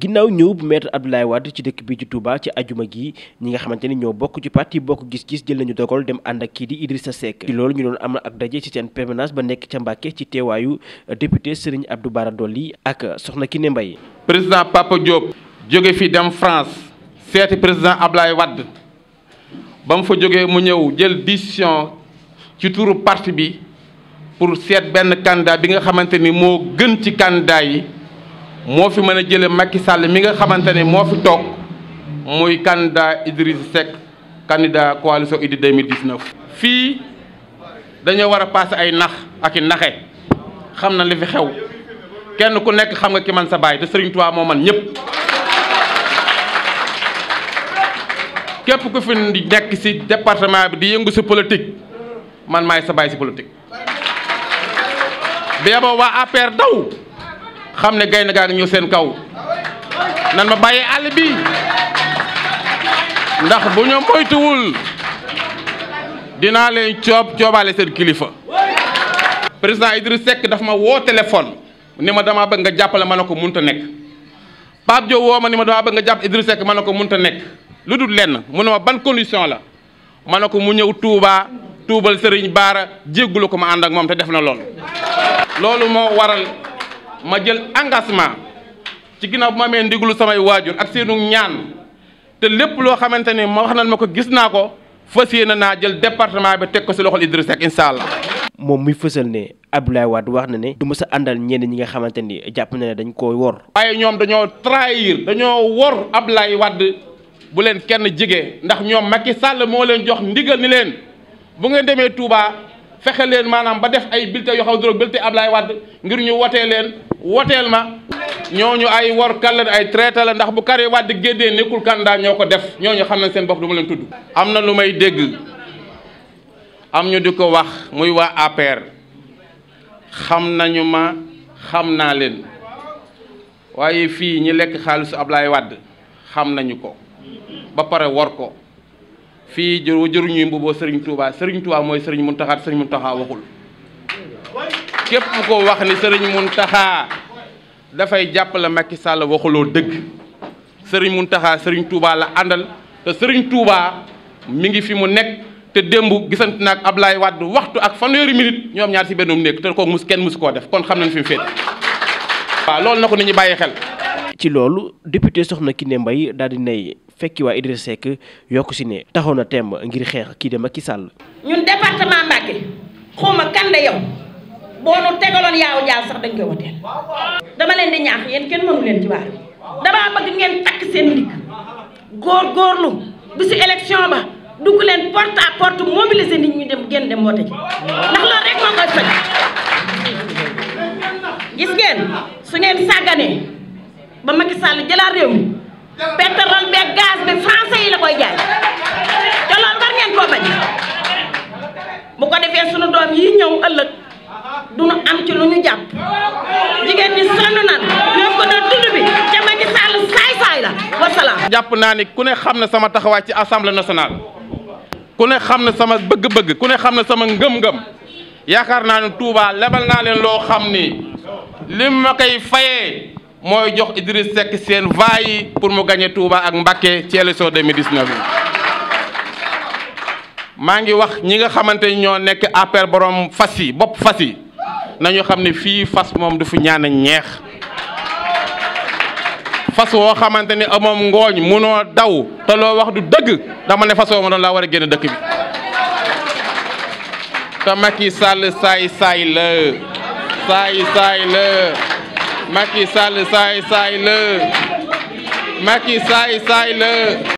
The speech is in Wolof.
ginnaaw ñëw bu maître Abdoulaye Wade ci dëkk bi ci Touba ci ajuma gi ñi nga xamante ni ñoo bokk ci parti bokk gis-gis jël nañu dogal dem ànd ak kii di Idrissa Seck ci loolu ñu doon amal ak daje ci seen permanence ba nekk ca Mbàkke ci teewaayu euh, député Serigne Abdou Bara Dolly ak soxna ne mbay président Papa Diop jóge fi dem France seeti président Abdoulaye Wade ba mu fa jóge mu ñëw jël décision ci turu parti bi pour seet benn candidat bi nga xamante ni moo gën ci candidat yi moo fi mën a jële makki Sall mi nga xamante ni moo fi toog muy candidat Idriss Seck candidat coalition Idy 2019 fii dañoo war a passé ay nax ak i naxe xam na li fi xew kenn ku nekk xam nga ki man sa baay te Serigne Touba moo man ñëpp képp ku fi di nekk ci département bi di yëngu ci politique man maay sa baay ci politique bi waa APR daw xam ne gaynde gaa ngi ñëw seen kaw nan ma bàyyi àll bi ndax bu ñu moytuwul dinaa leen coob coobaale seen kilifa. président Idriss Seck dafa ma woo téléphone ni ma damaa bëgg nga jàppale ma ne ko mënut a nekk Pape Diop woo ma ni ma dama bëgg nga jàpp Idriss Seck ma ne ko mënut a nekk lu dul lenn mu ne ma ban condition la ma ne ko mu ñëw Touba tuubal sëriñ Baara jéggulu ko ma ànd ak moom te def na loolu loolu moo waral. ma jël engagement ci ginnaaw bu ma amee ndiglu samay waajur ak seenu ñaan te lépp loo xamante ni ma wax nan ma ko gis naa ko fas yéene naa jël département bi teg ko si loxol Idriss Seck incha moom muy fësal ne Abdoulaye wadd wax na ne. du ma sa àndal ñenn ñi nga xamante ni jàpp na ne dañ koo wor. waaye ñoom dañoo trahir dañoo wor Abdoulaye Wade bu leen kenn jige ndax ñoom Macky Sall moo leen jox ndigal ni leen bu ngeen demee Touba fexe leen maanaam ba def ay bulletins yoo xam ngir ñu wotee leen. woteel ma ñooñu ay workal la ay traité la ndax bu Karim Wade géddee nekkul candidat ñoo ko def ñoo ñooñu xam nañ seen bopp du ma leen tudd. am na lu may dégg am ñu di ko wax muy waa APR xam nañu ma xam naa leen waaye fii ñi lekk xaalisu Ablaye wàdd xam nañu ko ba pare wor ko fii jëru jëruñuy mbubboo sëriñ Touba sëriñ Touba mooy sëriñ Serigne Mountakha Serigne Mountakha waxul. képp ko wax ni sëriñ taxaa dafay jàppale Macky Sall waxuloo dëgg sëriñ mun Mountakha sëriñ tuubaa la àndal te sëriñ Touba mi ngi fi mu nekk te démb gisante na ab Ablaye Wade waxtu ak fanweeri minute ñoom ñaar si benn nekk te ko mus kenn mus koo def kon xam nañ fi mu féete waaw loolu na ko nit ñi bàyyi xel. ci loolu député Soxna Kiné Mbaye daal di nay fekki waa Idrissa Seck yokku si ne taxaw na temb ngir xeex kii de Macky Sall. ñun département boo nu tegaloon yaaw jaal sax dañ koy woteel dama leen di ñaax yéen kenn mënu leen ci waar damaa bëgg ngeen takk seen ndigg góorgóorlu bi si élection ba dugg leen porte à porte mobiliser nit ñu dem génn dem woote ji ndax loolu rek moo koy faj gis ngeen su ngeen sàgganee ba Macky Sall jëlaat réew mi pétrole beeg gaz bi français yi la koy jaay te loolu ngeen koo bañ bu ko defee sunu doom yi ñëw ëllëg du nu am ci lu ñu jàpp jigéen ñi sonn nan ñoo ko doon dund bi te naa ni ku ne xam na sama taxawaay ci assemblée national ku ne xam na sama bëgg-bëgg ku ne xam na sama ngëm-ngëm yaakaar naa ni Touba lebal naa leen loo xam ni li ma koy fayee mooy jox Idriss Seck seen voix pour mu gagné Touba ak Mbacké ci élection 2019 maa ngi wax ñi nga xamante ñoo nekk APR borom fas yi bopp fas yi nañu xam ne fii fas moom du fi ñaan ñeex fas woo xamante ni amoom ngooñ munoo daw te loo wax du dëgg dama ne fas woo ma doon laa war a génn dëkk bi te Macky Sall saay saay la saay saay la Macky Sall saay saay la